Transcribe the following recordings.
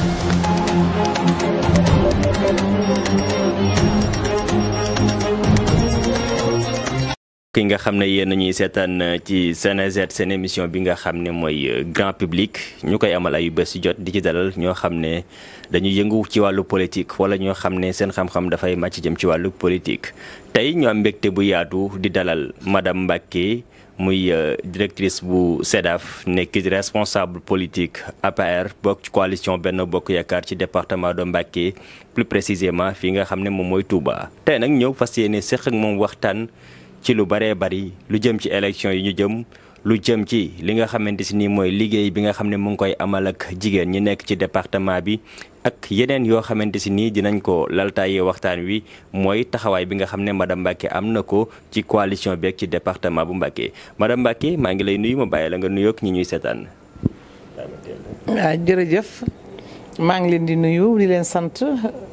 ki nga xam ne yéen ñuy seetaan euh, ci seen Senejet seen émission bi nga xam ne mooy euh, grand public ñu koy amal ayu bés jot di ci dalal ñoo xam ne dañu yëngu ci wàllu politique wala ñoo xam ne seen xam-xam dafay màcc jëm ci wàllu politique tey ñoo am mbégte bu yaatu di dalal madame Mbacké muy euh, directrice bu SEDAF nekk responsable politique APR bokk ci coalition benn Bokk Yaakaar ci département de Mbacké plus précisément fii nga xam ne moom mooy Touba. tey nag ñëw fas yéene séq ak moom waxtaan ci lu baree bari lu jëm ci élection yi ñu jëm. lu jëm ci li nga xamante si nii mooy liggéey bi nga xam ne mu ngi koy amal ak jigéen ñi nekk ci département bi ak yeneen yoo xamante si nii dinañ ko laltaayee waxtaan wi mooy taxawaay bi nga xam ne madame Mbacke am na ko ci coalition bi ak ci département bu Mbacke madame Mbacke maa ngi lay nuyu ma bàyyi la nga nuyoog ñi ñuy seetaan. waaw ah, jërëjëf maa ngi leen di nuyu di leen sant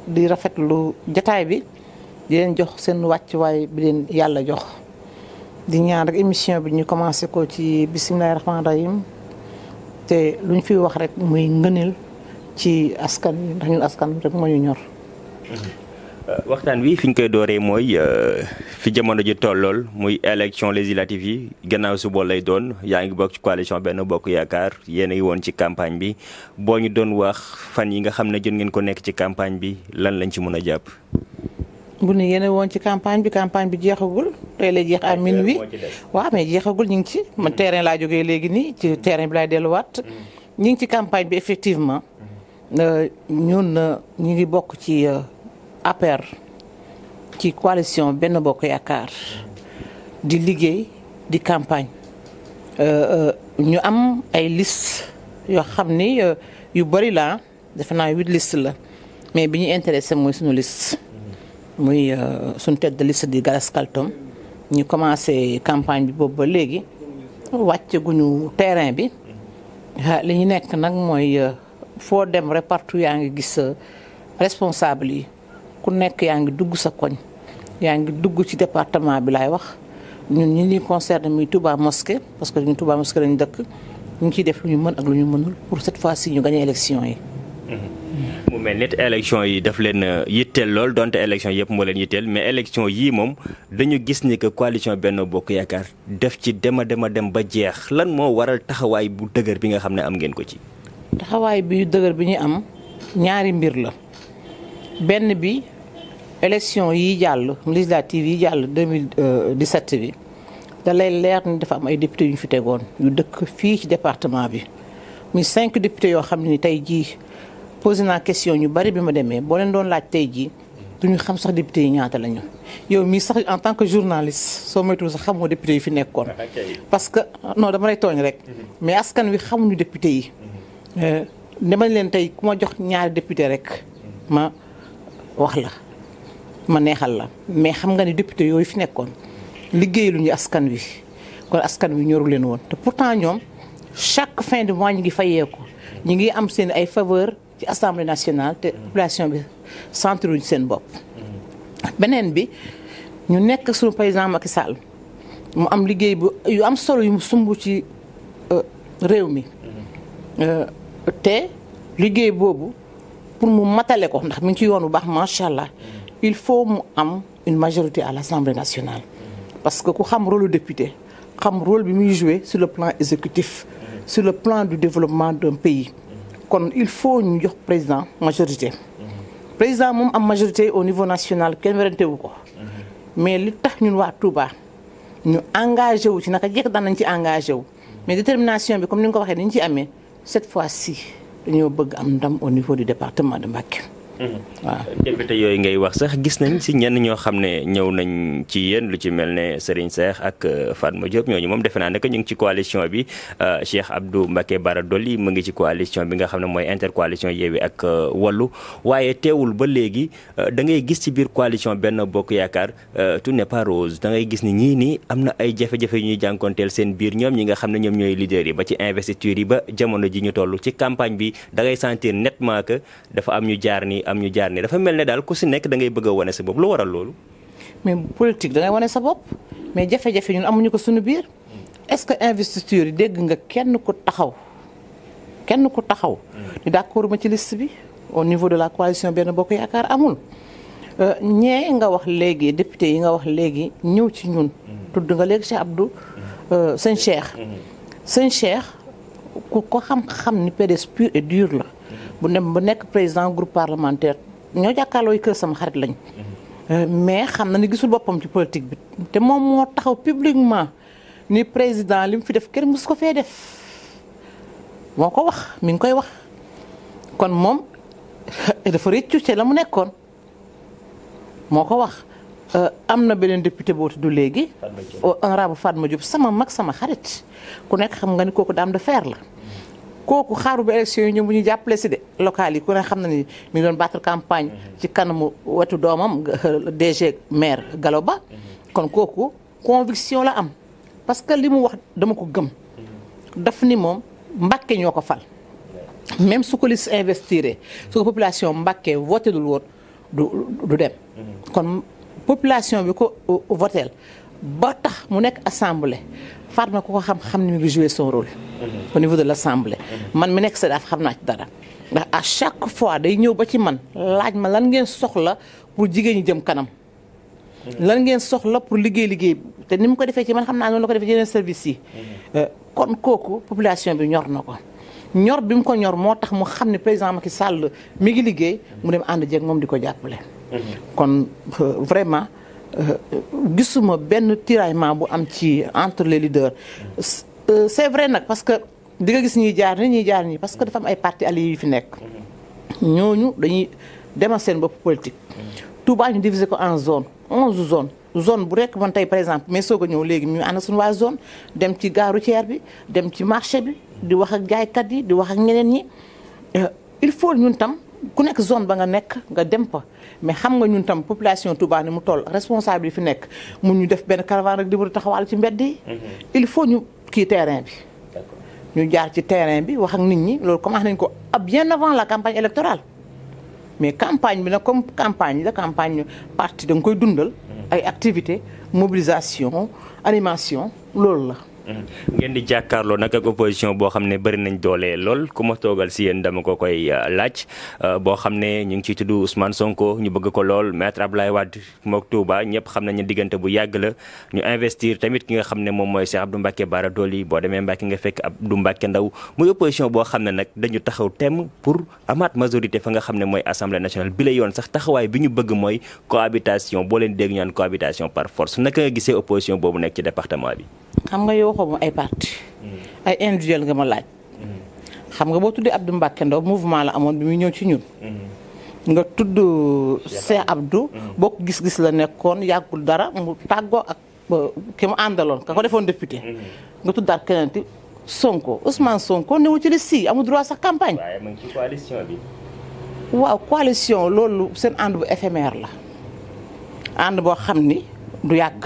di rafet lu jataay bi di leen jox seen wàccuwaay bi leen yàlla jox. di ñaan rek émission bi ñu commencé ko ci bisimilahi rahmaani rahim te lu ñu fi wax rek muy ngëneel ci askan wi ndax ñun askan rek moo ñor. Euh, waxtaan wi fi ñu koy dooree mooy euh, fi jamono ji tollool muy élection législative yi gannaaw boo lay doon yaa ngi bokk ci coalition benn bokk yaakaar yéen yi woon ci campagne bi boo ñu doon wax fan yi nga xam ne jot ngeen ko nekk ci campagne bi lan lañ ci mën a jàpp. bu nu yéene woon ci campagne bi campagne bi jeexagul tey lay jeex à wi waaw mais jeexagul ñu ngi ci man mm. terrain laa jógee léegi nii ci mm. terrain bi laay delluwaat mm. ñu ngi ci campagne bi effectivement euh, ñun euh, ñu ngi bokk ci euh, appaire ci coalition benn Bokk Yaakaar di liggéey di campagne ñu am ay list yoo xam ni yu bëri la defe naa huit liste la mais bi ñu intéressé mooy suñu liste muy euh, suñu tête de liste di Galas ñu commencé campagne bi boobu ba léegi wàcceguñu terrain bi li ñu nekk nag mooy euh, foo dem rek partout yaa ngi gis euh, responsable yi ku nekk yaa ngi dugg sa koñ yaa ngi dugg ci département bi laay wax ñun ñi ñuy concerne muy Touba Mosquée parce que ñun Touba Mosquée lañu dëkk ñu ngi ciy def lu ñu mën ak lu ñu mënul pour cet fois si ñu gagné élection yi. Mm-hmm. mu mel nit élection yi daf leen euh, yitteel lool donte élection yëpp moo leen yitteel mais élection yii moom dañu gis ni que coalition benn Bokk Yaakaar def ci dema dema dem ba jeex lan moo waral taxawaay bu dëgër bi nga xam ne am ngeen ko ci. taxawaay bi dëgër bi ñu am ñaari mbir la benn bi élection yi jàll législative yi jàll 2017 euh, bi da lay leer ni dafa am ay député yu ñu fi tegoon yu dëkk fii ci département bi muy cinq député yoo xam ne ni tey jii posé naa question ñu bari bi ma demee boo leen doon laaj tey jii duñu xam sax député yi ñaata lañu yow mii sax en tant que journaliste soo moytuwul sax xamoo député yi fi nekkoon. parce que non dama lay tooñ rek. Mhm. mais askan wi xamuñu député yi. Mhm. Euh, dama leen tey ku ma jox ñaari député rek mhm. ma wax la ma neexal la mais xam nga ni député yooyu fi nekkoon liggéey lu ñu askan wi kon askan wi ñoru leen woon te pourtant ñoom chaque fin de mois ñu ngi fayeeku ñu ngi am seen ay faveur ci assemblée nationale te population bi centre ñu seen bopp. beneen bi ñu nekk su président Macky Sall mu am liggéey bu yu am solo yu mu sumb ci euh, réew mi. Euh, te liggéey boobu pour mu matale ko ndax mu ngi ci yoon bu baax macha allah il faut mu am une majorité à l' nationale. parce que ku xam rôle député xam rôle bi muy joué sur le plan exécutif. sur le plan du développement d'un pays. kon il faut ñu jox président majorité. président moom am majorité au niveau national kenn werante wu ko. mais li tax ñun waa Touba ñu engagé wu ci naka jekk daan nañ ci engagé wu. mais détermination bi comme ni nga ko waxee ni ñu ci amee cette fois-ci dañoo bëgg am ndam au niveau de département de Mbacké. Mm-hmm. waaw jafe-jafe yooyu ngay wax sax gis nañ si ñenn ñoo xam ne ñëw nañ ci yéen lu ci mel ne Serigne Cheikh ak euh, ma Diop ñooñu moom defe naa ne ñu ngi ci coalition bi euh, Cheikh Abdou Mbacké Bara Dolly mu ngi ci coalition bi nga xam ne mooy intercoalition Yewwi ak euh, Wallu waaye teewul ba léegi da ngay gis ci biir coalition benn Bokk Yaakaar tu ne pas rose da ngay gis ni ñii nii am na ay jafe-jafe yu ñuy jànkoonteel seen biir ñoom ñi nga xam ne ñoom ñooy leader yi ba ci investiture yi ba jamono ji ñu toll ci campagne bi da ngay am ñu jaar ne dafa mel ne daal ku si nekk da ngay bëgg a wane sa bopp lu waral loolu. mais politique da wane sa bopp mais jafe-jafe ñun amuñu ko suñu biir est-ce que investiture yi dégg nga kenn ko taxaw kenn ku taxaw. ni d'accord ma ci liste bi au niveau de la coalition benn bokk yaakaar amul. Euh, ñee nga wax léegi député yi nga wax léegi ñëw ci ñun. tudd nga léegi Cheikh Abdou. Euh, sëñ Cheikh. Mm-hmm. sëñ Cheikh ku ko xam-xam ni PDS pur et dur la. bu dem ba nekk président groupe parlementaire ñoo jàkkaarlooy kër sama xarit lañ. Euh, mais xam na ni gisul boppam ci politique bi te moom moo taxaw publiquement ni président li mu fi def kenn mosu ko fee def moo ko wax mi ngi koy wax kon moom dafa rëccu ci la mu nekkoon moo ko wax. Euh, am na beneen député boo tudd léegi. honorable Fatma Diop sama mag sama xarit ku nekk xam nga ni kooku daam de fer la. kooku xaaru ba élection yi ñoom bu ñu jàppale si de local yi ku ne xam na ni mu ngi doon battre campagne mhm. ci kanamu wetu doomam DG euh, maire Gallo Ba mhm. kon kooku conviction la am parce que li mu wax dama ko gëm mhm. daf ni moom Mbàkke ñoo ko fal même su ko lis investiré su ko population Mbàkke voté dul woon du du dem kon population bi ko voteel ba tax mu nekk assemblée Fatma na ko xam-xam ni mu ngi joué son rôle au niveau de l' assemblée. man mi nekk CEDAF xam naa ci dara. ndax à chaque fois day ñëw ba ci man laaj ma lan ngeen soxla pour jigéen ñi jëm kanam. lan ngeen soxla pour liggéey liggéey te ni mu ko defee ci man xam naa noonu la ko defee ci yeneen service yi. Euh, kon kooku population bi ñor na ko. ñor bi mu ko ñor moo tax mu xam ne président ki sàll mi ngi liggéey mu dem ànd jeg moom di ko jàppale. kon euh, vraiment euh, gisuma benn tiraillement bu am ci entre les Euh, c'est vrai nag parce que di nga gis ñuy jaar ni ñuy jaar nii parce que dafa ay parti alliés yu fi nekk. ñooñu dañuy demal seen bopp politique. Touba ñu diviser ko en zone onze zone zone bu rekk man tey par exemple mais soog a ñëw léegi ñu ànd suñu waa zone dem ci gaaru routière bi dem ci marché bi di wax ak jaaykat yi di wax ak ñeneen ñi euh, il faut ñun tam ku nekk zone ba nga nekk nga dem fa mais xam nga ñun tam population Touba ni mu toll responsable yi fi nekk mun ñu def benn caravane rek di war a taxawal ci mbedd yi. Mm-hmm. kii terrain bi. ñu jaar ci terrain bi wax ak nit ñi loolu commencé nañ ko ab ah bien avant la campagne électorale mais campagne bi nag comme campagne la campagne parti da nga koy dundal. Hmm. ay activités mobilisation animation loolu la. Mm-hmm. ngeen di jàkkaarloo nag ak opposition boo xam ne bari nañ doole lool ku ma toogal si yéen dama ko koy uh, laaj uh, boo xam ne ñu ngi ciy tuddu Ousmane Sonko ñu bëgg ko lool maître laay Wade mook Touba ñëpp xam nañu diggante bu yàgg la ñu investir tamit ki nga xam ne moom mooy Cheikh Abdou Mbacké Bara Dolly boo demee Mbacké nga fekk Abdou Mbacké Ndaw muy opposition boo xam ne nag dañu taxaw temm pour amaat majorité fa nga xam ne mooy assemblée nationale bi la yoon sax taxawaay bi ñu bëgg mooy cohabitation boo leen dégg ñaan cohabitation par force naka nga gisee opposition boobu nekk ci département bi boppam ay parti ay individuel nga ma laaj. xam nga boo tuddee Abdou Mbacke Ndao mouvement la amoon bi muy ñëw ci ñun. nga tudd Cheikh Abdou. boo gis-gis la nekkoon yàggul dara mu tàggoo ak ki àndaloon ka ko defoon député. nga tuddaat keneen ti Sonko Sonko newu ci liste yi amul droit sax campagne. waaye mu ngi ci waaw coalition loolu seen ànd bu éphémère la ànd boo xam ni du yàgg.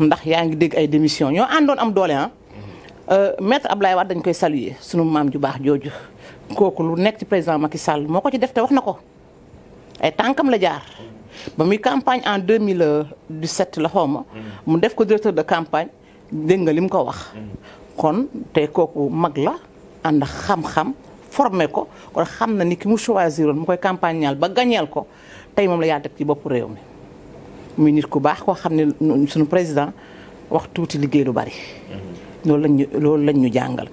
ndax yaa ngi dégg ay démission ñoo àndoon am doole ah. Euh, ab Abdoulaye wax dañ koy saluer suñu maam ju baax jooju kooku lu nekk ci président Macky Sall moo ko ci def te wax na ko ay tànkam la jaar. ba muy campagne en mille 2017 la xaw ma mu def ko directeur de campagne dégg nga li mu ko wax. kon te kooku mag la ànd xam-xam formé ko kon xam na ni ki mu choisiroon mu koy campagnal ba gañeel ko tey moom la yaa teg ci bopp réew mi. muy nit ku baax koo xam ne suñu président wax tuuti liggéey lu bari. Mhm. loolu lañ loolu lañ ñu jàngal.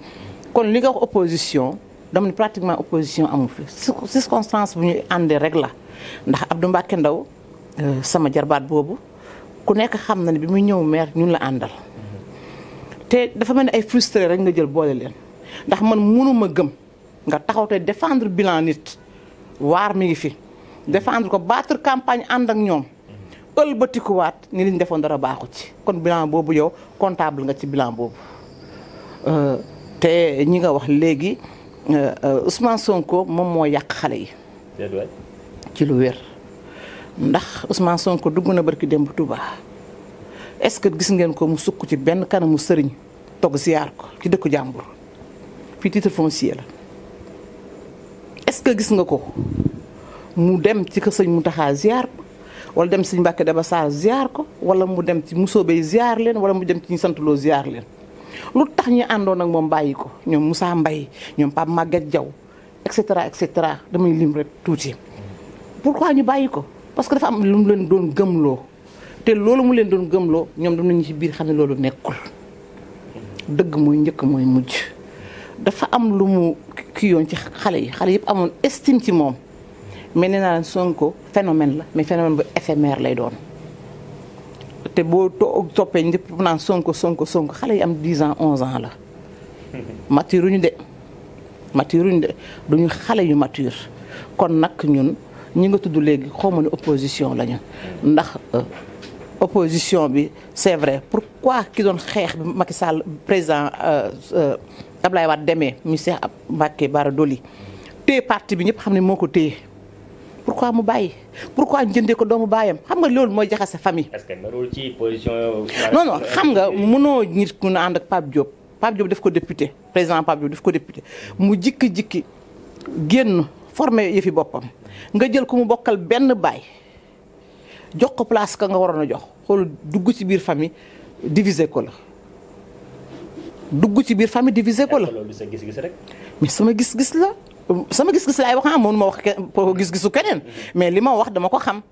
kon li nga wax opposition dama ne pratiquement opposition amul fi circonstance bu ñuy àndee rek la ndax Abdou Mbacke Ndaw euh, sama jarbaat boobu ku nekk xam na ne bi muy ñëw maire ñun la àndal. Mhm. te dafa mel ni ay frustré rek nga jël boole leen ndax man mënuma gëm nga taxaw te défendre bilan nit waar mi ngi fi mhm. défendre ko battre campagne ànd ak ñoom. ëlbatikuwaat ni liñ defoon dara baaxu ci kon bilan boobu yow comptable nga ci bilan boobu euh, te ñi nga wax léegi euh, euh, Ousmane Sonko moom moo yàq xale yi. ci lu wér. ndax Ousmane Sonko dugg na barki démb Touba est-ce que gis ngeen ko mu sukk ci benn kanamu sëriñ togg siyaar ko ci dëkku jàmbur fii titre foncier la est-ce que gis nga ko mu dem ci ka sëñ mu taxaa ziyaar ko wala dem sëñ Mbàkke Daba Sarr ziar ko wala mu dem ci bay ziar leen wala mu dem ci ñu santloo ziar leen lu tax ñu àndoon ak moom bàyyi ko ñoom Moussa mbay ñoom Pape màgget jaw et cetera et cetera damay lim rek tuuti pourquoi ñu bàyyi ko parce que dafa am lu mu leen doon gëmloo te loolu mu leen doon gëmloo ñoom dam nañu ci biir xam ne loolu nekkul dëgg mooy njëkk mooy mujj dafa am lu mu ki yoon ci xale yi xale yëpp amoon estime ci moom mais nee naa Sonko phénomène la mais phénomène bu éphémère lay doon te boo too toppee ñëpp naan Sonko Sonko Sonko xale yi am 10 ans 11 ans la. mature ñu de mature ñu de duñu xale yu mature kon nag ñun ñi nga tudd léegi xaw ma ne opposition lañu ndax. Euh, opposition bi c'est vrai pourquoi ki doon xeex bi Macky Sall président euh, euh, Ablaye Wade demee monsieur Mbacké Bara Dolly téye parti bi ñëpp xam ne moo ko téye pour pourquoi mu bàyyi pourquoi jëndee ko doomu baayam xam nga loolu mooy jaxase famille. est-ce que narul ci position. non non xam nga mënoo nit mun a ànd ak Pape Diop Pape Diop daf ko député président Pape Diop daf ko député mu jikki-jikki génn formé fi boppam nga jël ku mu bokkal benn baay jox ko place ka nga waroon a jox xool dugg ci biir famille diviser ko la. dugg ci biir famille diviser ko la. mais sama gis-gis la. sama gis-gis laay wax ah mënu ma wax ko gis-gisu keneen mais li ma wax dama ko xam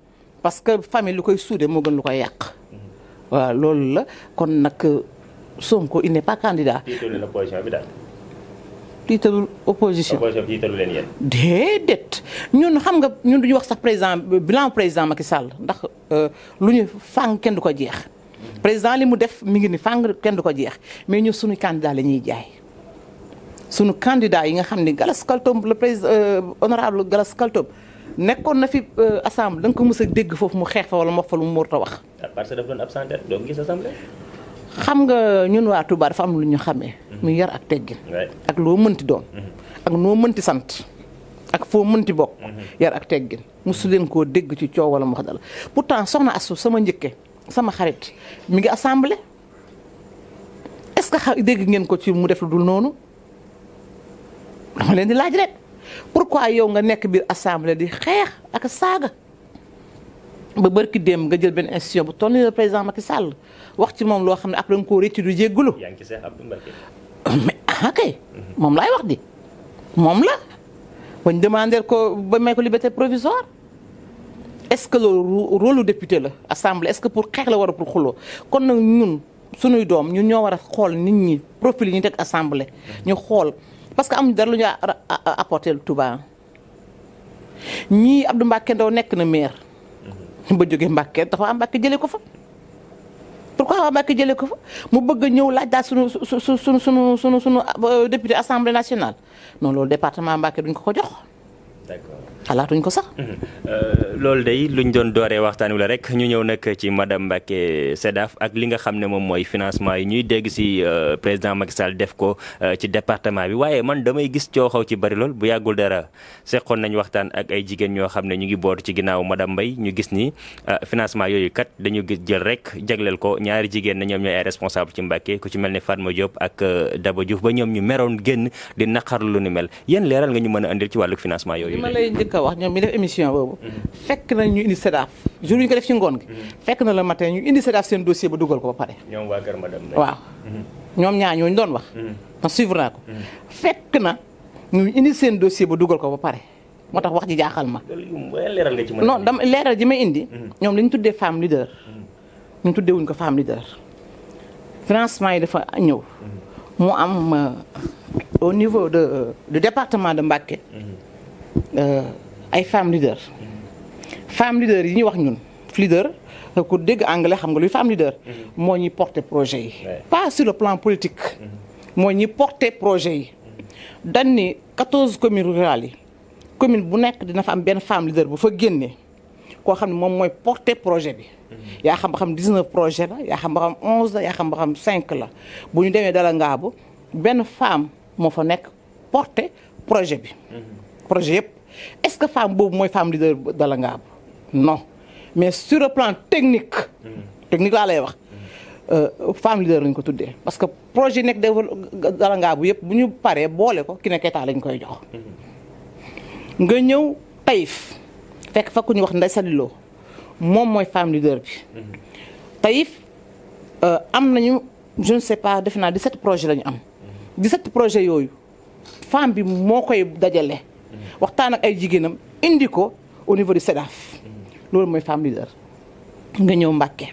parce que famille lu koy suude moo gën lu koy yàq waaw loolu la kon nag Sonko il n'est pas candidat. tiitalul bi daal. tiitalul opposition. opposition bi tiitalu leen yéen. déedéet ñun xam nga ñun du ñu wax sax président bilan président Macky Sall ndax euh, lu ñu fàng kenn du ko jeex. Mm-hmm. président li mu def mi ngi ni fàng kenn du ko jeex mais ñu suñu candidat la ñuy jaay. sunu candidat yi nga xam ni Galas Kaltom le président euh, honorable Galas Kaltom nekkoon na fi euh, assemble da nga ko mës a dégg foofu mu xeex fa wala mu wax fa lu mu mënut a wax. Ah, parce que dafa doon absent doo xam nga ñun waa Touba dafa am lu ñu xamee. Mhm. mu yar ak teggin. ak loo mënti doon. Mhm. ak noo mënti sant. ak foo mënti bokk. Mhm. yar ak teggin mosu leen koo dégg ci coow wala mu wax dala pourtant soxna Astou sama njëkke sama xarit mi ngi assemblée est-ce que dégg ngeen ko ci mu def lu dul noonu. dama leen di laaj rek pourquoi yow nga nekk biir assemblée di xeex ak saaga ba bërki démb nga jël benn institution bu toll président Macky Sall wax ci moom loo xam ne après koo rëccu du jéggalu. yaa ngi ci Cheikh Abdou ah, moom laay wax di moom la. bañ demander ko ba may ko liberté provisoire est-ce que loolu rôle député la assemblée est-ce que pour xeex la war a pour xuloo kon nag ñun sunuy doom ñun ñoo war a xool nit ñi profil yi ñu teg assemblée mm-hmm. ñu xool. parce que amuñu dara lu ñu apporté Touba ñii Abdou Mbacke Ndaw nekk na maire ba jógee Mbacke dafa waa Mbacke jëlee ko fa. pourquoi waa Mbacke jëlee ko fa mu bëgg ñëw laaj daal suñu su su suñu suñu suñu suñu euh, député assemblée nationale non loolu département Mbacke duñ ko ko jox. xalaatuñ ko sax. Mhm. Euh, loolu day luñ doon dooree waxtaan wi la rek ñu ñëw nag ci madame Mbacké Sedaf ak li nga xam ne moom mooy financement yi ñuy dégg si euh, président Macky Sall def ko euh, ci département bi waaye man damay gis cooxaw ci bari lool bu yàggul dara seqoon nañ waxtaan ak ay jigéen ñoo xam ne ñu ngi bootu ci ginnaaw madame mbay ñu gis ni financement yooyu kat dañu gis jël rek jagleel ko ñaari jigéen na ñoom ñooy ay responsable ci Mbacké ku ci mel ne Fatma Diop ak Daba Diouf ba ñoom ñu meroon génn di naqar lu ni mel yéen leeral nga ñu mën a indil ci wàllu financement yooyu. a wax ñoom mi def ñu indi SEDAF jour ñu ko def ci mm-hmm. na le matin ñu indi SEDAF seen dossier ba dugal ko ba pare mm-hmm. ñaa ñooñu doon wax ma mm-hmm. suivre naa ko fekk na ñu indi seen dossier ba dugal ko ba pare moo tax wax ji jaaxal ma non dama leeral ji may indi ñoom li ñu tuddee femme leader ñu tuddee wuñ ko femme leader financement yi dafa ñëw mu am euh, au niveau de du département de Mbacké. Euh, ay femmes leaders femmes leaders yi ñuy wax ñun leader ku dégg anglais xam nga luy femme leader. Mm-hmm. moo ñuy porter projet yi. pas sur le plan politique. Mm-hmm. moo ñuy porté projet yi. Mm-hmm. dañ ni 14 communes rurales yi commune bu nekk dina fa am benn femme leader bu fa génnee koo xam ne moom mooy porté projet bi. yaa xam xam xam 19 projet la yaa xam ba xam 11 la yaa xam xam cinq la bu ñu demee dala ngaabu benn femme moo fa nekk porté projet bi. projet yëpp. est-ce que femme boobu mooy femme leader Dalla Ngabou non mais sur le technique. Hmm. technique laa lay wax. Euh, femme leader lañ ko tuddee parce que projet nekk développe Dalla Ngabou yëpp bu ñu paree boole ko ki nekk état lañ koy jox. Hmm. nga ñëw Taïf fekk fa ku wax Ndeye Sadiloo moom mooy femme leader bi. Hmm. Taïf euh, am nañu je ne sais pas def naa di set projet lañu am. 17 projet yooyu femme bi moo koy dajale. waxtaan ak ay jigéenam indi ko au niveau de SEDAF loolu mooy femme leader nga ñëw Mbacke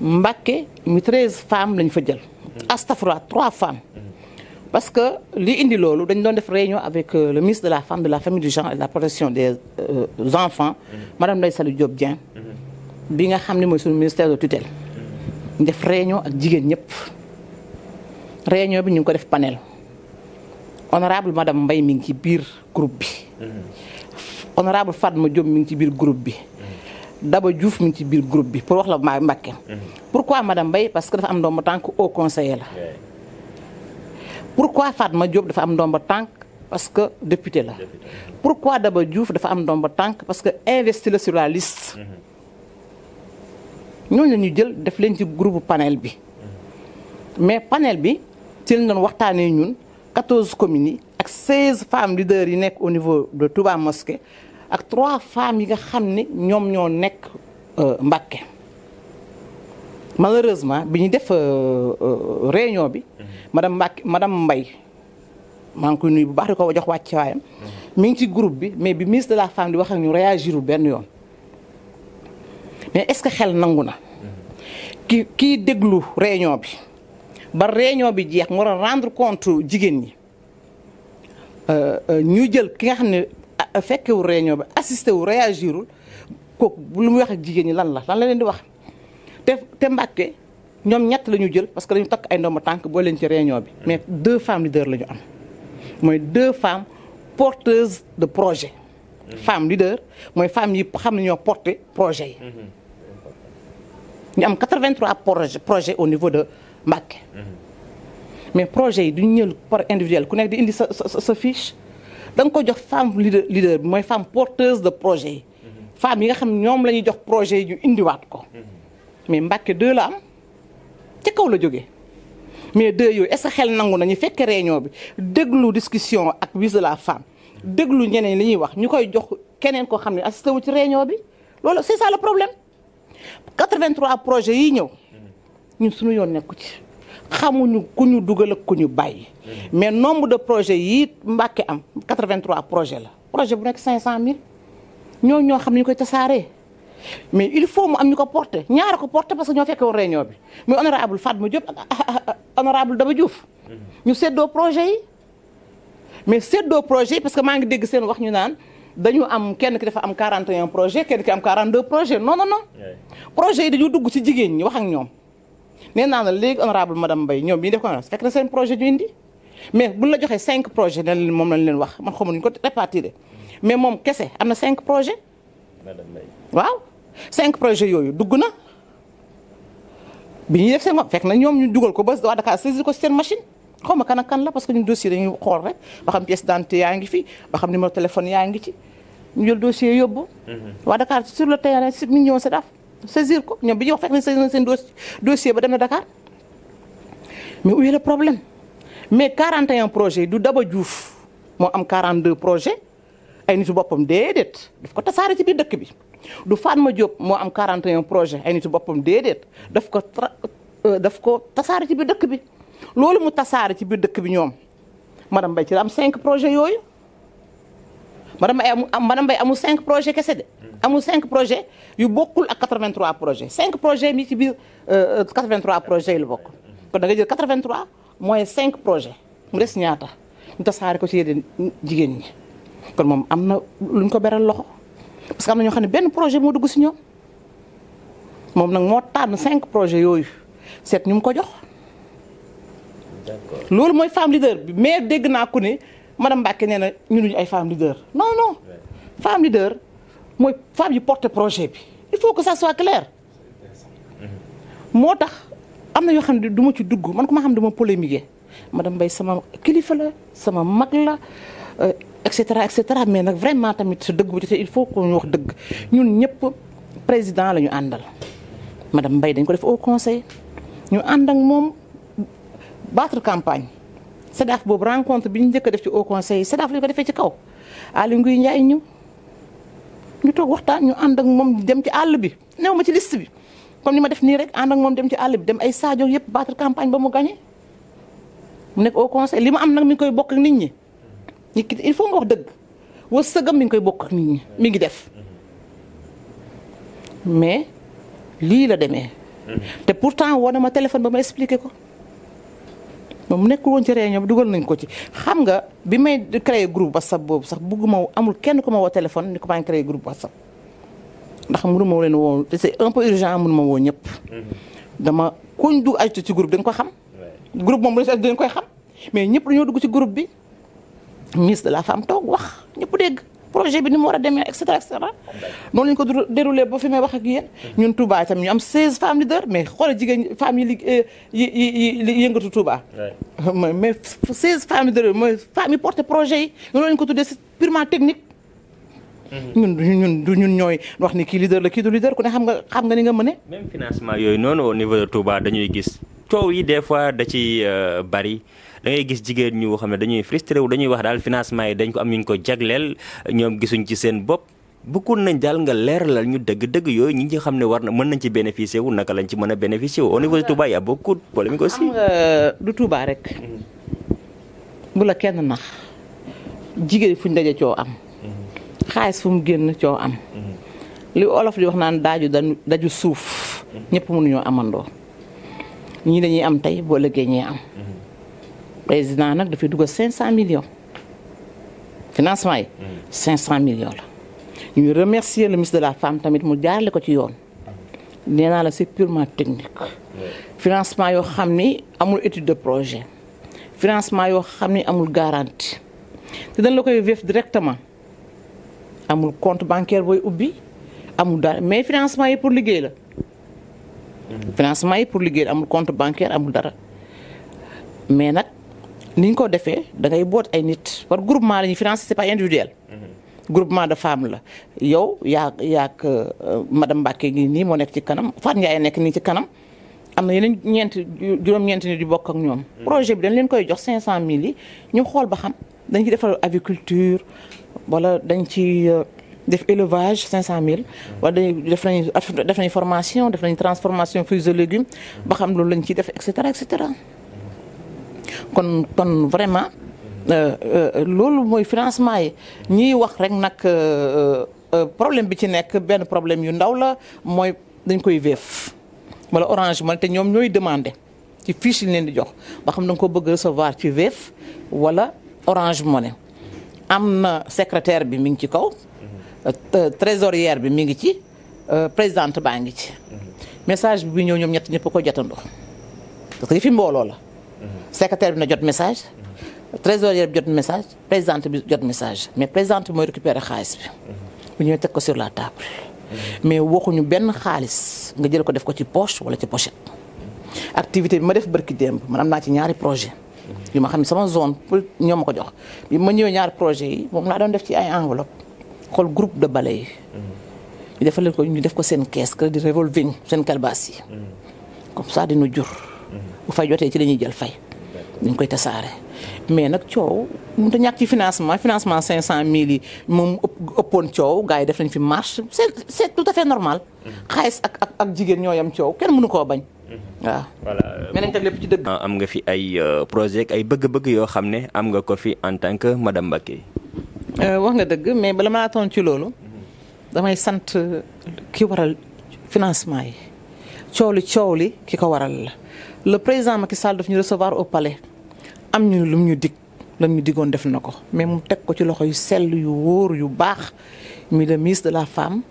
Mbacke mi treize femmes lañ fa jël astafura trois femmes parce que li indi loolu dañ doon def réunion avec euh, le ministre de la femme de la famille du genre et de la protection des euh, enfants madame Ndeye Saly Diop Dieng bi nga xam ne mooy suñu ministère de tutelle def réunion ak jigéen ñëpp réunion bi ñu ko def panel honorable ma Mbaye mi ngi ci biir groupe bi. honorable Fatma Diop mi ngi ci biir groupe bi. Daba Diouf mi ngi ci biir group bi pour wax la maa Mbàkke. pourquoi madame mbay parce que dafa am ndomba tànk au conseiller la. pourquoi Fatma Diop dafa am ndomba tànk parce que député la. pour pourquoi Daba Diouf dafa am ndomba tànk parce que investi la sur la liste. Mm-hmm. ñooñu ñu jël def leen ci groupe panel bi. Mm-hmm. mais panel bi ci lañ doon waxtaanee ñun. 14 communes yi ak 16 femmes leaders yi nekk au niveau de Touba maske ak trois femmes yi nga xam ni ñoom ñoo nekk euh, Mbacké malheureusement bi ñu def euh, euh, réunion bi mhm. madame Mbacké madame Mbaye maa ngi koy nuyu bu baax di ko jox wàcc waayam mhm. ngi ci groupe bi mais bi ministre de la femme di wax ak ñu réagirul benn yoon mais est-ce que xel nangu na mhm. ki kii déglu réunion bi ba réunion bi jeex mu war a rendre compte jigéen ñi euh, euh, ñu jël ki nga xam ne fekkewul réunion bi assisté wu réagirul kooku lu muy wax ak jigéen ñi lan la lan la leen di wax te te Mbàkke ñoom ñett la ñu jël parce que dañu takk ay ndomba tànk boo leen ci réunion bi mais deux fem leaders la ñu am mooy deux femmes porteuses de projet mm-hmm. femme leader mooy femme yi xam ne ñoo porté projet yi mm-hmm. ñu am 83 projet projet au niveau de Mbàkke mais projet yi duñ ñu ñëw par individuel ku nekk di indi sa sa sa fiche da nga ko jox femme leader leader bi mooy femme porteuse de projet yi. femme yi nga xam ñoom la ñuy jox projet yi ñu indiwaat ko. mais Mbàkke deux la am ca kaw la jógee mais deux yooyu est-ce xel nangu nañu fekk réunion bi déglu discussion ak vis de la femme déglu ñeneen li ñuy wax ñu koy jox keneen koo xam ne assisté wu ci réunion bi loolu c'est ça le problème 83 projets yi ñëw. ñun suñu yoon nekku ci xamuñu ku ñu dugal ak ku ñu bàyyi. mais nombre de projets yi Mbàkke am 83 projet la projet bu nekk 500000 ñoo ñoo xam ne ñu koy tasaaree mais il faut mu am ñu ko porte ñaara ko porte parce que ñoo fekkee woon réunion bi muy honorable Fatma Diop ak ah, ah, ah, honorable Daba Diouf. ñu séddoo projet yi mais séddoo projet parce que maa ngi dégg seen wax ñu naan. dañu am kenn ki dafa am 41 projet kenn ki am 42 projet non non non projet yi dañu dugg ci jigéen ñi wax ak ñoom nee naa la léegi honorable madame Mbaye ñoom bi ñu def conférence fekk na seen projet ñu indi mais bu la joxee cinq projet moom lañ leen wax man xamuñu ko répartir mais moom kese am na cinq projet waaw cinq projet yooyu dugg na bi def seen bopp fekk na ñoom ñu dugal ko ba waa Dakar saisir ko seen machine xaw ma kan la parce que ñun dossier dañuy xool rek ba xam pièce d'identité yaa ngi fi ba xam numéro téléphone yaa ngi ci ñu jël dossier yóbbu. Mhm. waa Dakar sur le terrain si mi saisir ko ñoom bi ñuy wax fekk na saisir seen dossier ba dem na Dakar mais où est problème mais 41 projet du Daba Diouf moo am 42 projets ay nitu boppam déedéet daf ko tasaare ci biir dëkk bi du Fatma Diop moo am 41 projets ay nitu boppam déedéet daf ko euh, daf ko tasaare ci biir dëkk bi loolu mu tasaare ci biir dëkk bi ñoom madame bay ci la am 5 projets yooyu. madame Mbaye am madame Mbaye amul 5 projets kese de. Hmm. amul 5 projets yu bokkul ak 83 projets 5 projets mi ci biir 83 euh, euh, projets yi la bokk. kon da nga jël 83 moins 5 projets mu des ñaata ñu tasaare ko ci yeneen jigéen ñi kon moom am na lu ñu ko beral loxo parce que am na ñoo xam ne benn projet moo dugg si ñoom moom nag moo tànn 5 projets yooyu seet ñu mu ko jox. d'accord loolu mooy femme leader bi mais dégg naa ku ne. madame Mbacke nee na ñu duñu ay femmes leaders non non femme leader mooy femme yu porte projet bi il faut que ça soit clair moo tax am na yoo xam ne du ma ci dugg man ko ma xam dama polémique madame mbay sama kilifa la sama mag la euh, et cetera et cetera mais nag vraiment tamit su dëgg bu jotee il faut que ñu wax dëgg ñun ñëpp président la ñu àndal madame mbay dañ ko def au conseil ñu ànd ak moom battre campagne. SEDAF boobu rencontre bi ñu njëkk def ci au conseil SEDAF lañu ko defee ci kaw Aly Ngouille Ndiaye ñëw ñu toog waxtaan ñu ànd ak moom dem ci àll bi néew ma ci liste bi comme ni ma def nii rek ànd ak moom dem ci àll bi dem ay Sadio yëpp battre campagne ba mu gagné mu nekk au conseil li ma am nag mi ngi koy bokk ak nit ñi nit il faut nga dëgg wa sëgam mi ngi koy bokk ak nit ñi mi ngi def mais lii la demee. Mm-hmm. te pourtant woo na ma téléphone ba ma expliqué ko. moom nekkul woon ci réunion bi dugal nañ ko ci xam nga bi may créé groupe whatsapp boobu sax bugguma amul kenn ku ma woo téléphone ni ko maa ngi créé groupe whatsapp ndax mënu ma leen woo te c'est un peu urgent mënu ma woo ñëpp mm-hmm. dama kuñ dugg ajouté ci groupe da nga ko xam groupe moom bu ne si dañ koy xam mais ñëpp dañoo dugg ci groupe bi ministre de la femme toog wax ñëpp dégg projet bi ni mu war a demee et cetera et cetera noonu lañu ko déroulé ba fi may wax ak yéen ñun Touba itam ñu am 16 femmes leaders mais xoolal jigéen femmes yi euh, yi yi yëngatu Touba mais 16 femmes leaders mooy femmes yi porté projet yi noonu lañu ko tuddee c'est purement technique mm-hmm. ñun ñun du ñun ñooy wax ni kii leader la kii du leader ku ne xam nga xam nga ni nga mëne même financement yooyu noonu au niveau de Touba dañuy gis coow yi des fois da ci euh, bari da gis jigéen ñu xam ne dañuy frustré wu dañuy wax daal financement yi dañ ko am ñu ko jagleel ñoom gisuñ ci seen bopp bëggoon nañ daal nga leeralal ñu dëgg-dëgg yooyu ñi nga xam ne war na mën nañ ci bénéficier wu naka lañ ci mën a bénéficier wu au niveau y a beaucoup de polémique aussi. xam nga du Touba rek. bu la kenn nax jigéen fuñ daje coo am. xaalis fu mu génn coo am. li olof di wax naan daaju dañu daju suuf. ñëpp mënuñoo amandoo. ñii dañuy am tey boo lëggee am. président nag dafay dugal 500 millions financement yi. 500 millions la. ñu remercier le ministre de la femme tamit mu jaarale ko ci yoon. nee naa la c'est purement technique. financement yoo xam ni amul étude de projet. financement yoo xam ni amul garantie. te dañ la koy veef directement. amul compte bancaire booy ubbi. amul dara mais financement yi pour liggéey la. financement yi pour liggéey la amul compte bancaire amul dara mais nag. niñ ko defee da ngay boot ay nit par groupement la ñuy financé c'est pas individuel. Mm-hmm. groupement de femmes la yow yaa yaak euh, madame Mbacke ngi nii moo nekk ci kanam Fatou Ndiaye nekk nii ci kanam am na yeneen ñeent juróom-ñeenti nit di bokk ak ñoom. Mm-hmm. projet bi dañ leen koy jox 500000 yi ñu xool ba xam dañ ci defal aviculture wala dañ ci euh, def élevage 500000. Mm-hmm. wala dañuy def nañu def nañu formation def nañu transformation fruits et légumes ba xam loolu lañ ciy def et cetera cetera. kon kon vraiment euh, euh, loolu mooy financement yi ñuy wax rek nag euh, problème bi ci nekk benn problème yu ndaw la mooy dañ koy weef wala orange man te ñoom ñooy demandé ci fiche yi leen di jox ba xam da nga ko bëgg recevoir ci Wave wala Orange Money am na secretaire bi mi ngi ci kaw trésorière bi mi ngi ci présidente baa ngi ci mhm. message bi ñëw ñoom ñett ñëpp ko jotandoo parce que fi mbooloo la secretaire bi na jot message trésorier bi jot message présidente bi jot message mais présidente bi mooy récupérer xaalis bi bu ñëwee teg ko sur la table mais waxuñu benn xaalis nga jël ko def ko ci poche wala ci pochette activité bi ma def bërki démb man am naa ci ñaari projet yu ma xam ne sama zone pour ñoo ma ko jox bi ma ñëwee ñaari projet yi moom laa doon def ci ay enveloppe xool groupe de bale yi ñu ko ñu def ko seen caisse crédit revolving seen kalbaas yi comme ça dina jur bu fay jotee ci la jël fay dañ koy tasaare mais nag coow mënut a ñàkk ci financement financement 500000 yi moom ëppoon coow gars yi def nañ fi marche c' est c' tout à fait normal. xaalis ak ak jigéen ñoo yam coow kenn mënu koo bañ. waaw voilà mais lépp ci dëgg. Ah, am nga fi ay euh, projet ay bëgg-bëgg yoo xam ne am nga ko fi en tant que madame Mbacké. Euh, wax nga dëgg mais bala ma laatoon ci loolu. damay sant euh, ki waral financement yi coow li coow li ki ko waral la le président Macky Sall daf ñu recevoir au palais. am ñu lum ñu dig lam ñu digoon def na ko mais mu teg ko ci loxo yu sell yu wóor yu baax mi le ministre de la femme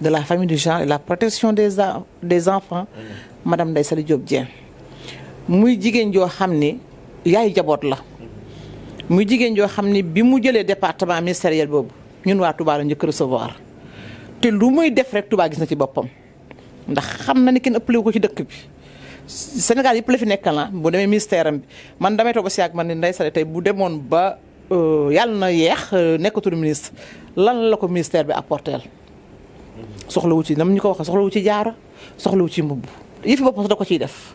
de la famille du genre la protection des des enfants mmh. madame Ndeye sel Diop Dieng muy jigéen joo xam ni yaay jaboot la muy jigéen joo xam ni bi mu jëlee département ministériel boobu ñun waa Touba la njëkk recevoir te lu muy def rek Touba gis na ci boppam ndax xam na ni kenn ëpp ëppale ko ci dëkk bi Sénégal yëpp la fi nekkal ah bu demee ministère am bi man damay toog ba si yàgg man ni Ndeye Saly tey bu demoon ba euh, yàlla na yeex euh, nekkatul ministre lan la ko ministère bi apporteel soxlawu ci nam ñu ko waxee soxlawu ci jaaro soxlawu ci mbubb yëfi boppam da ko ciy def.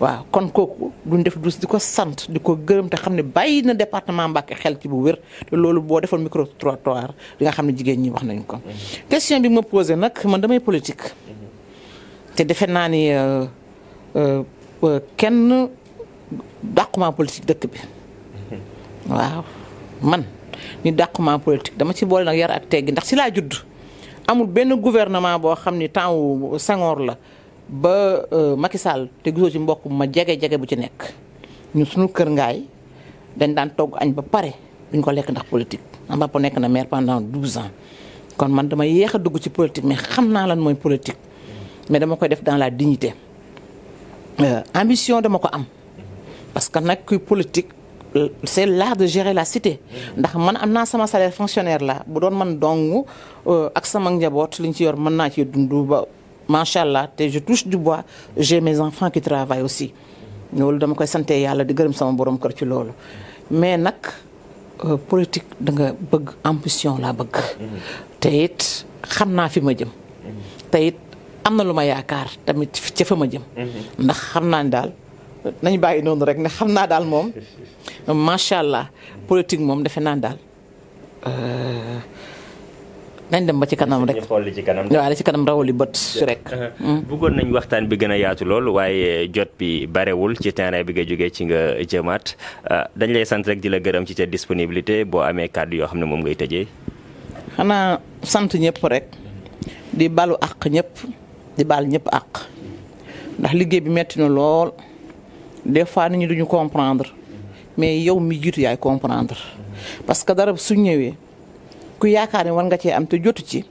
waaw kon kooku duñ def dus di ko sant di ko gërëm te xam ne bàyyi na département Mbacké xel ci bu wér te loolu boo defoon micro trottoir di nga xam ne jigéen ñi wax nañ ko. Mhm. question bi ma nag man damay politique. Mhm. te defe naa ni. Euh, Euh, euh, kenn dàqumaa politique dëkk bi waaw man ni dàqumaa politique dama ci boole nag yar ak teggi ndax ci laa judd amul benn gouvernement boo xam ni temps wu la ba euh, Macky Sall te gisoo ci mbokk ma jege jege bu ci nekk ñun suñu kër ngaay dañ daan togg añ ba pare duñ ko lekk ndax politique am ba nekk na maire pendant douze ans kon man dama yéex a dugg ci politique mais xam naa lan mooy politique mais dama koy def dans la dignité Euh, ambition dama ko am parce que nag kuy politique euh, c'est l'art de gérer la cité ndax man am naa sama salaire fonctionnaire la bu doon man dong euh, ak sama njaboot liñ ci yor mën naa ci dund ba macha allah te je touche du bois j'ai mes enfants qui travaillent aussi loolu dama koy sante yàlla di gërëm sama borom kër ci loolu mais nag politique da nga bëgg ambition laa bëgg te xam naa fi ma jëm te am na lu ma yaakaar tamit ca fa ma jëm. ndax xam naa ne daal nañ bàyyi noonu rek ne xam naa daal moom macha allah politique moom defe naa daal. Euh, nañ dem ba ci kanam rek xool li ci kanam waaw li ci kanam rawali bët rek. Euh, hmm. bëggoon nañ waxtaan bi gën a yaatu lool waaye jot bi barewul ci terrain bi nga jógee ci nga jëmaat euh, dañ lay sant rek di la gërëm ci sa disponibilité boo amee kàddu yoo xam ne moom ngay tëjee. xanaa sant ñëpp rek di balu àq ñëpp. di baal ñëpp àq ndax liggéey bi metti na lool des fois nit ñi duñu comprendre mais yow mi jiitu yaay comprendre parce que dara su ñëwee ku yaakaar ne war nga cee am te jotu ci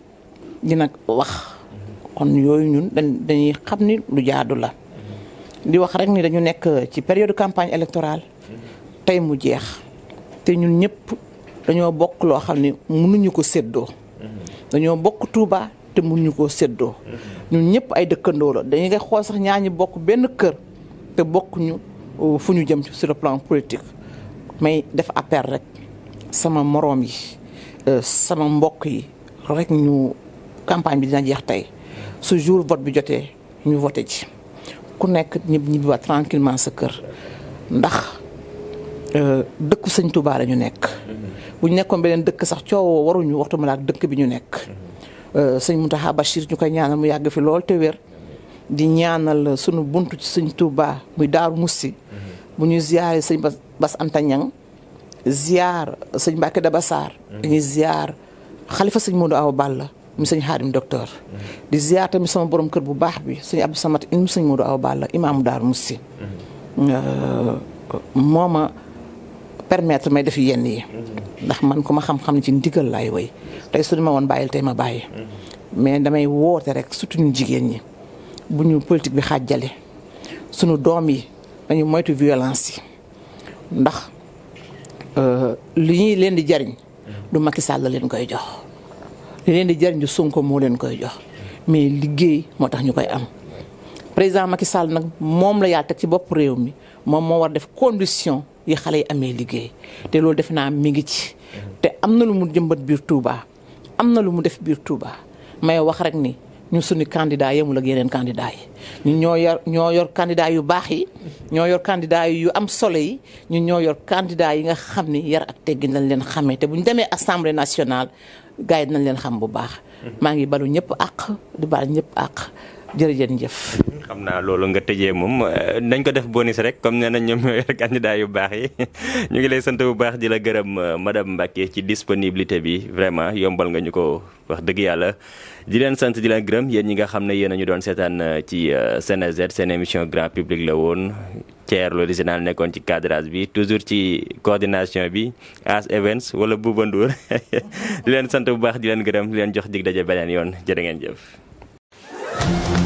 dina wax kon yooyu ñun dañuy xam ni lu jaadu la di wax rek ni dañu nekk ci période campagne électorale tey mu jeex te ñun ñëpp dañoo bokk loo xam ni mënuñu ko séddoo dañoo bokk Touba. te mënuñu koo séddoo ñun ñëpp ay dëkkandoo la dañu ngay xool sax ñaa ñi bokk benn kër te bokkuñu euh, fu ñu jëm sur le plan politique may def appel rek sama moroom yi euh, sama mbokk yi rek ñu campagne bi dina jeex tey su jour vote bi jotee ñu voté ji ku nekk ñib ñibbi waa tranquillement sa kër ndax euh, dëkku sañ Touba la ñu nekk mm-hmm. bu ñu nekkoon beneen dëkk sax coow waruñu waxtu ma la dëkk bi ñu nekk mm-hmm. Euh, sëñ Mountakha Bachir ñu koy ñaanal mu yàgg fi loolu te wér di ñaanal sunu bunt ci sëñ Touba muy Daaru Musti mm-hmm. bu ñuy ziare sëñ Bas Bas Anta Ñang ziar sëñ Mbacke Daba Sarr mm-hmm. dañuy ziar xalifa sëñ Modou Awa la mu sëñ Xaadim doctor mm-hmm. di ziar tamit sama borom kër bu baax bi sëñ sama Samad im sëñ Modou Awa Balla imaamu Daaru Musti euh, moo ma may def yenn yi ndax man ku ma xam-xam ci ndigal laay woy tey su ma woon bàyyil tey ma bàyyi. mais damay woote rek surtout ñu jigéen ñi bu ñu politique bi xaajale sunu doom yi dañu moytu violence yi ndax euh, li ñuy leen di jariñ du Macky Sall la leen koy jox li leen di jariñ du Sonko moo leen koy jox mais liggéey moo tax ñu koy am président Macky Sall nag moom la yaa teg ci bopp réew mi moom moo war def condition yi xale yi amee liggéey te loolu defe naa mi ngi ci. te am na lu mu jëmbat biir Touba am na lu mu def biir Touba may wax rek ni ñu suñu candidat yemul ak yeneen candidat yi ñoo yor ñoo yor candidat yu baax yi. ñoo yor candidat yu am solo yi ñun ñoo yor candidat yi nga xam ni yar ak teggi lañ leen xamee te bu ñu demee assemblée nationale gars yi nañ leen xam bu baax. Mm-hmm. maa ngi balu ñëpp àq di baal ñëpp àq. jërëjëf jëf xam naa loolu nga tëjee moom euh, nañ ko def bonus rek comme nee nañ ñoom ñoo yor candidat yu baax yi ñu ngi lay sant bu baax di la gërëm euh, madame Mbacké ci disponibilité bi vraiment yombal nga ñu ko wax dëgg yàlla. di leen sant di leen gërëm yéen ñi nga xam ne yéen a ñu doon seetaan euh, ci Sénégal seen émission grand public la woon. Thier l'original nekkoon ci cadrage bi toujours ci coordination bi As Events wala Bouba Ndour di leen sant bu baax di leen gërëm di leen jox dig daje beneen yoon jërë ngeen jëf.